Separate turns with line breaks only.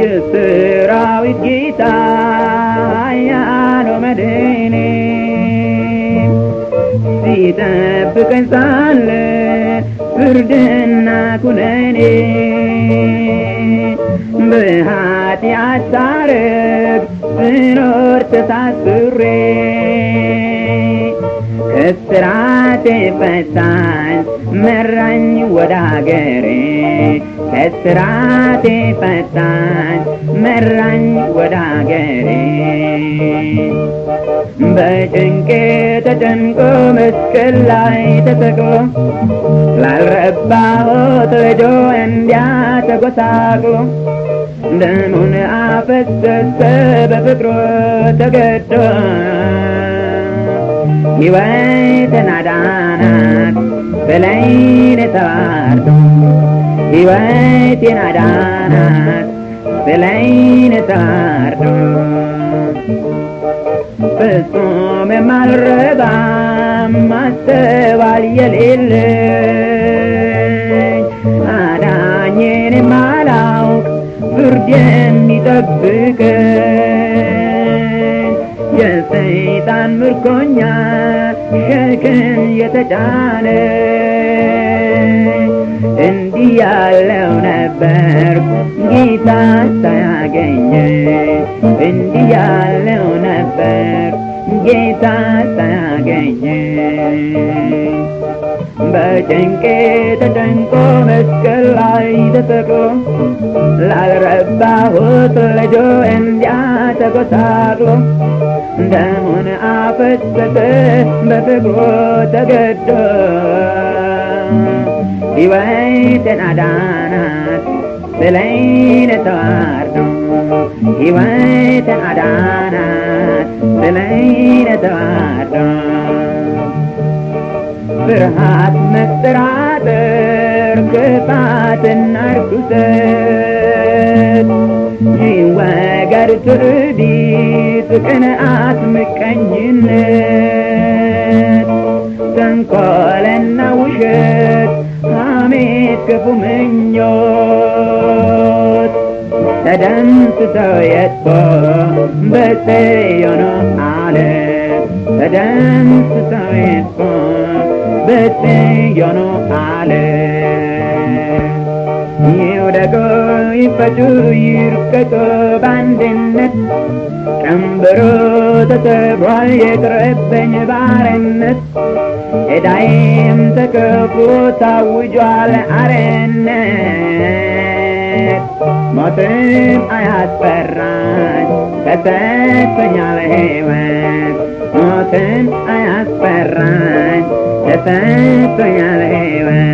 የሰራዊት ጌታ ያለው መድኔ ሲጠብቀኝ ሳለ ፍርድና ኩነኔ በኃጢአት ሳረግ ስኖር ተሳስሬ ከስራት ፈታኝ መራኝ ወደ ሀገሬ ከስራት ፈታኝ መራኝ ወደ በጭንቄ ተጨንቆ መስቀል ላይ ተሰቅሎ ላልረባሁት ሄዶ እንዲያ ተጎሳቅሎ ደሙን አፈሰሰ በፍቅሮ ተገዶ ሕይወትን አዳናት በላይነ ተባርዶ ሕይወትን አዳናት በላይነ ተባርዶ ፍጹም የማልረባ ማስተባል የሌለኝ አዳኝን የማላውቅ ፍርድ የሚጠብቀኝ የሰይጣን ምርኮኛ ሸክም የተጫነ እንዲህ ያለው ነበር ጌታ ሳያገኘ እንዲህ ያለው ነበር ጌታ ሳያገኘ በጭንቄ ተጨንቆ መስቀል ላይ ተሰቅሎ ላልረባሁት ልጆ እንዲያ ተጎሳቅሎ ደሙን አፈሰሰ በፍቅሩ ተገዶ ሕይወቴን አዳናት ስለይን ተዋርዶ ሕይወቴን አዳናት ስለይን ተዋርዶ ፍርሃት መጠራጠር ክፋትና ርኩሰት ይወገድ ትዕቢት ቂጥ፣ ቅንዓት፣ ምቀኝነት፣ ተንኮልና ውሸት፣ ሐሜት፣ ክፉ ምኞት ተደምስሰው የጥፎ በጽዮን ዓለት ተደምስሰው የጥፎ በጽዮን አለ ይውደቁ ይፈቱ ይርቀቁ በአንድነት ቀንበሩ ተሰብሮ ይቅርብኝ ባርነት ዕዳዬም ተከፍሎ ታውጇል አርነት ሞትም አያስፈራኝ ተሰጥቶኛል ሕይወት ሞትም አያስፈራኝ ተሰጥቶኛል ሕይወት